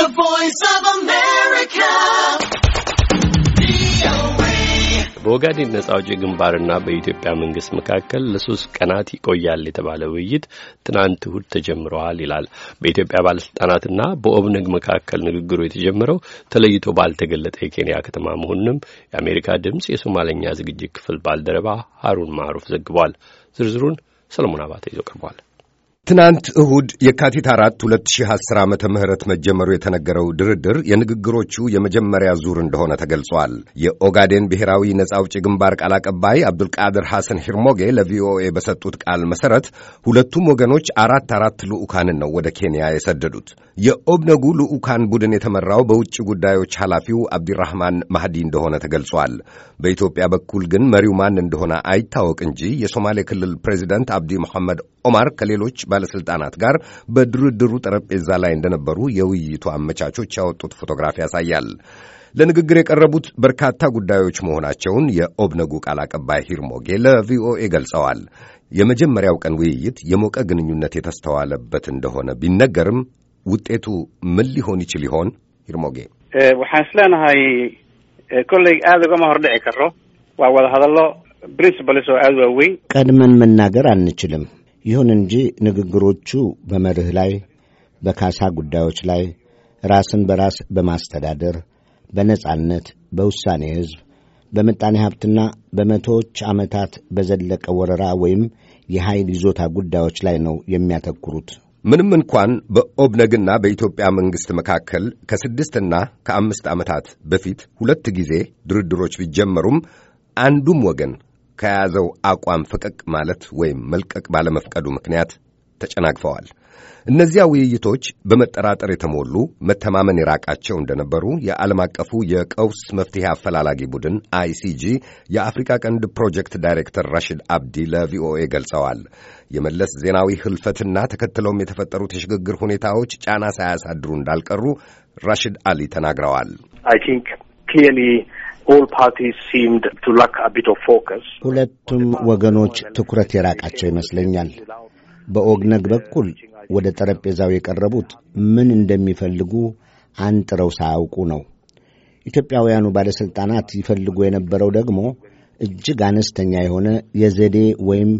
The Voice of America. በኦጋዴን ነጻ አውጪ ግንባርና በኢትዮጵያ መንግስት መካከል ለሶስት ቀናት ይቆያል የተባለ ውይይት ትናንት እሁድ ተጀምረዋል ይላል። በኢትዮጵያ ባለስልጣናትና በኦብነግ መካከል ንግግሩ የተጀመረው ተለይቶ ባልተገለጠ የኬንያ ከተማ መሆኑንም የአሜሪካ ድምፅ የሶማለኛ ዝግጅት ክፍል ባልደረባ ሀሩን ማሩፍ ዘግቧል። ዝርዝሩን ሰለሞን አባተ ይዞ ቀርቧል። ትናንት እሁድ የካቲት አራት 2010 ዓመተ ምህረት መጀመሩ የተነገረው ድርድር የንግግሮቹ የመጀመሪያ ዙር እንደሆነ ተገልጿል። የኦጋዴን ብሔራዊ ነጻ አውጪ ግንባር ቃል አቀባይ አብዱልቃድር ሐሰን ሂርሞጌ ለቪኦኤ በሰጡት ቃል መሠረት ሁለቱም ወገኖች አራት አራት ልዑካንን ነው ወደ ኬንያ የሰደዱት። የኦብነጉ ልዑካን ቡድን የተመራው በውጭ ጉዳዮች ኃላፊው አብዲራህማን ማህዲ እንደሆነ ተገልጿል። በኢትዮጵያ በኩል ግን መሪው ማን እንደሆነ አይታወቅ እንጂ የሶማሌ ክልል ፕሬዚደንት አብዲ መሐመድ ኦማር ከሌሎች ባለሥልጣናት ጋር በድርድሩ ጠረጴዛ ላይ እንደነበሩ የውይይቱ አመቻቾች ያወጡት ፎቶግራፍ ያሳያል። ለንግግር የቀረቡት በርካታ ጉዳዮች መሆናቸውን የኦብነጉ ቃል አቀባይ ሂርሞጌ ለቪኦኤ ገልጸዋል። የመጀመሪያው ቀን ውይይት የሞቀ ግንኙነት የተስተዋለበት እንደሆነ ቢነገርም ውጤቱ ምን ሊሆን ይችል ይሆን? ሂርሞጌ waxaan isleenahay kolley aad ugama hordhici karno waa wada hadallo ሶ oo ወዊ ቀድመን መናገር አንችልም። ይሁን እንጂ ንግግሮቹ በመርህ ላይ፣ በካሳ ጉዳዮች ላይ፣ ራስን በራስ በማስተዳደር፣ በነጻነት፣ በውሳኔ ሕዝብ፣ በምጣኔ ሀብትና በመቶዎች ዓመታት በዘለቀ ወረራ ወይም የኃይል ይዞታ ጉዳዮች ላይ ነው የሚያተኩሩት። ምንም እንኳን በኦብነግና በኢትዮጵያ መንግሥት መካከል ከስድስትና ከአምስት ዓመታት በፊት ሁለት ጊዜ ድርድሮች ቢጀመሩም አንዱም ወገን ከያዘው አቋም ፈቀቅ ማለት ወይም መልቀቅ ባለመፍቀዱ ምክንያት ተጨናግፈዋል። እነዚያ ውይይቶች በመጠራጠር የተሞሉ መተማመን የራቃቸው እንደነበሩ የዓለም አቀፉ የቀውስ መፍትሄ አፈላላጊ ቡድን አይሲጂ የአፍሪካ ቀንድ ፕሮጀክት ዳይሬክተር ራሽድ አብዲ ለቪኦኤ ገልጸዋል። የመለስ ዜናዊ ህልፈትና ተከትለውም የተፈጠሩት የሽግግር ሁኔታዎች ጫና ሳያሳድሩ እንዳልቀሩ ራሽድ አሊ ተናግረዋል። ሁለቱም ወገኖች ትኩረት የራቃቸው ይመስለኛል። በኦግነግ በኩል ወደ ጠረጴዛው የቀረቡት ምን እንደሚፈልጉ አንጥረው ሳያውቁ ነው። ኢትዮጵያውያኑ ባለሥልጣናት ይፈልጉ የነበረው ደግሞ እጅግ አነስተኛ የሆነ የዘዴ ወይም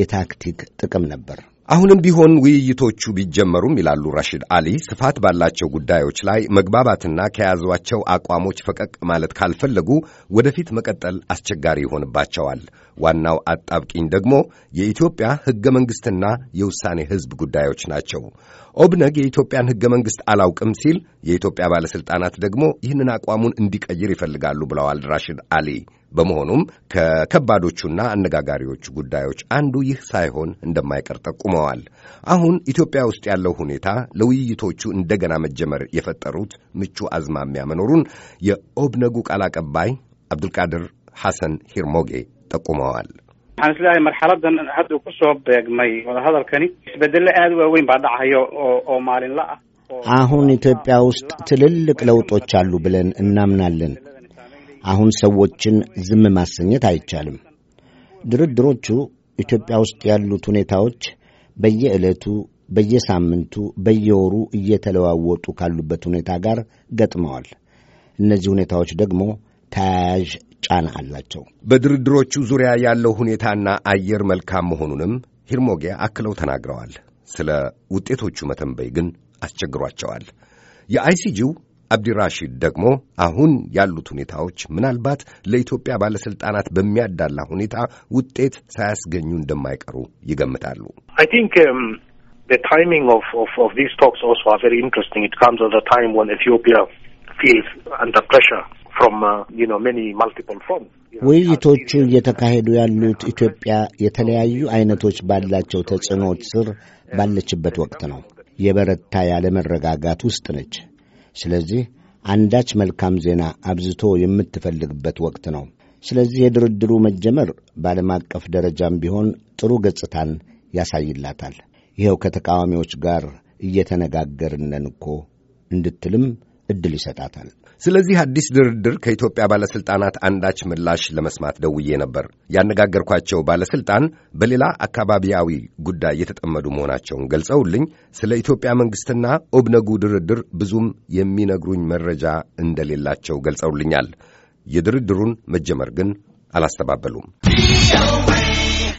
የታክቲክ ጥቅም ነበር። አሁንም ቢሆን ውይይቶቹ ቢጀመሩም ይላሉ ራሽድ አሊ፣ ስፋት ባላቸው ጉዳዮች ላይ መግባባትና ከያዟቸው አቋሞች ፈቀቅ ማለት ካልፈለጉ ወደፊት መቀጠል አስቸጋሪ ይሆንባቸዋል። ዋናው አጣብቂኝ ደግሞ የኢትዮጵያ ሕገ መንግሥትና የውሳኔ ሕዝብ ጉዳዮች ናቸው። ኦብነግ የኢትዮጵያን ሕገ መንግሥት አላውቅም ሲል፣ የኢትዮጵያ ባለሥልጣናት ደግሞ ይህንን አቋሙን እንዲቀይር ይፈልጋሉ ብለዋል ራሽድ አሊ። በመሆኑም ከከባዶቹና አነጋጋሪዎቹ ጉዳዮች አንዱ ይህ ሳይሆን እንደማይቀር ጠቁመዋል። ቆመዋል። አሁን ኢትዮጵያ ውስጥ ያለው ሁኔታ ለውይይቶቹ እንደገና መጀመር የፈጠሩት ምቹ አዝማሚያ መኖሩን የኦብነጉ ቃል አቀባይ አብዱልቃድር ሐሰን ሂርሞጌ ጠቁመዋል። አሁን ኢትዮጵያ ውስጥ ትልልቅ ለውጦች አሉ ብለን እናምናለን። አሁን ሰዎችን ዝም ማሰኘት አይቻልም። ድርድሮቹ ኢትዮጵያ ውስጥ ያሉት ሁኔታዎች በየዕለቱ በየሳምንቱ በየወሩ እየተለዋወጡ ካሉበት ሁኔታ ጋር ገጥመዋል። እነዚህ ሁኔታዎች ደግሞ ተያያዥ ጫና አላቸው። በድርድሮቹ ዙሪያ ያለው ሁኔታና አየር መልካም መሆኑንም ሂርሞጌ አክለው ተናግረዋል። ስለ ውጤቶቹ መተንበይ ግን አስቸግሯቸዋል። የአይሲጂው አብዲራሺድ ደግሞ አሁን ያሉት ሁኔታዎች ምናልባት ለኢትዮጵያ ባለሥልጣናት በሚያዳላ ሁኔታ ውጤት ሳያስገኙ እንደማይቀሩ ይገምታሉ። ውይይቶቹ እየተካሄዱ ያሉት ኢትዮጵያ የተለያዩ አይነቶች ባላቸው ተጽዕኖዎች ስር ባለችበት ወቅት ነው። የበረታ ያለመረጋጋት ውስጥ ነች። ስለዚህ አንዳች መልካም ዜና አብዝቶ የምትፈልግበት ወቅት ነው። ስለዚህ የድርድሩ መጀመር በዓለም አቀፍ ደረጃም ቢሆን ጥሩ ገጽታን ያሳይላታል። ይኸው ከተቃዋሚዎች ጋር እየተነጋገርነን እኮ እንድትልም እድል ይሰጣታል። ስለዚህ አዲስ ድርድር ከኢትዮጵያ ባለሥልጣናት አንዳች ምላሽ ለመስማት ደውዬ ነበር። ያነጋገርኳቸው ባለሥልጣን በሌላ አካባቢያዊ ጉዳይ የተጠመዱ መሆናቸውን ገልጸውልኝ ስለ ኢትዮጵያ መንግሥትና ኦብነጉ ድርድር ብዙም የሚነግሩኝ መረጃ እንደሌላቸው ገልጸውልኛል። የድርድሩን መጀመር ግን አላስተባበሉም።